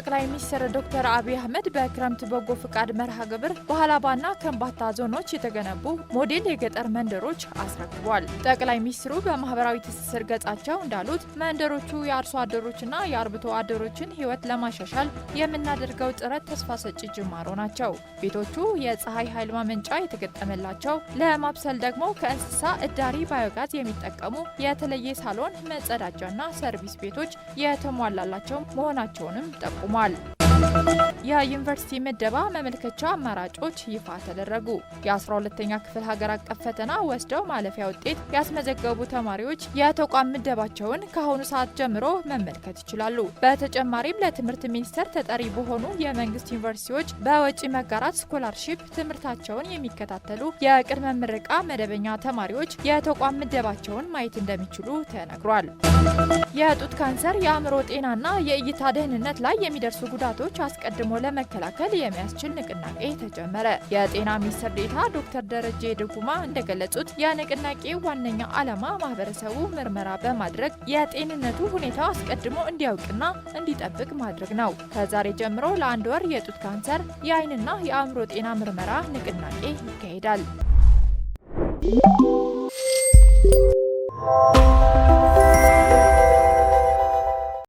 ጠቅላይ ሚኒስትር ዶክተር አብይ አህመድ በክረምት በጎ ፍቃድ መርሃ ግብር በሀላባና ከምባታ ዞኖች የተገነቡ ሞዴል የገጠር መንደሮች አስረክቧል። ጠቅላይ ሚኒስትሩ በማህበራዊ ትስስር ገጻቸው እንዳሉት መንደሮቹ የአርሶ አደሮችና የአርብቶ አደሮችን ሕይወት ለማሻሻል የምናደርገው ጥረት ተስፋ ሰጪ ጅማሮ ናቸው። ቤቶቹ የፀሐይ ኃይል ማመንጫ የተገጠመላቸው፣ ለማብሰል ደግሞ ከእንስሳ እዳሪ ባዮጋዝ የሚጠቀሙ የተለየ ሳሎን፣ መጸዳጃና ሰርቪስ ቤቶች የተሟላላቸው መሆናቸውንም ጠቁሟል። normal. የዩኒቨርሲቲ ምደባ መመልከቻ አማራጮች ይፋ ተደረጉ። 12 ተኛ ክፍል ሀገር አቀፍ ፈተና ወስደው ማለፊያ ውጤት ያስመዘገቡ ተማሪዎች የተቋም ምደባቸውን ከአሁኑ ሰዓት ጀምሮ መመልከት ይችላሉ። በተጨማሪም ለትምህርት ሚኒስቴር ተጠሪ በሆኑ የመንግስት ዩኒቨርሲቲዎች በወጪ መጋራት ስኮላርሺፕ ትምህርታቸውን የሚከታተሉ የቅድመ ምረቃ መደበኛ ተማሪዎች የተቋም ምደባቸውን ማየት እንደሚችሉ ተነግሯል። የጡት ካንሰር፣ የአእምሮ ጤናና የእይታ ደህንነት ላይ የሚደርሱ ጉዳቶች አስቀድሞ ተቃውሞ ለመከላከል የሚያስችል ንቅናቄ ተጀመረ። የጤና ሚኒስትር ዴታ ዶክተር ደረጀ ድጉማ እንደገለጹት የንቅናቄ ዋነኛ ዓላማ ማህበረሰቡ ምርመራ በማድረግ የጤንነቱ ሁኔታ አስቀድሞ እንዲያውቅና እንዲጠብቅ ማድረግ ነው። ከዛሬ ጀምሮ ለአንድ ወር የጡት ካንሰር፣ የአይንና የአእምሮ ጤና ምርመራ ንቅናቄ ይካሄዳል።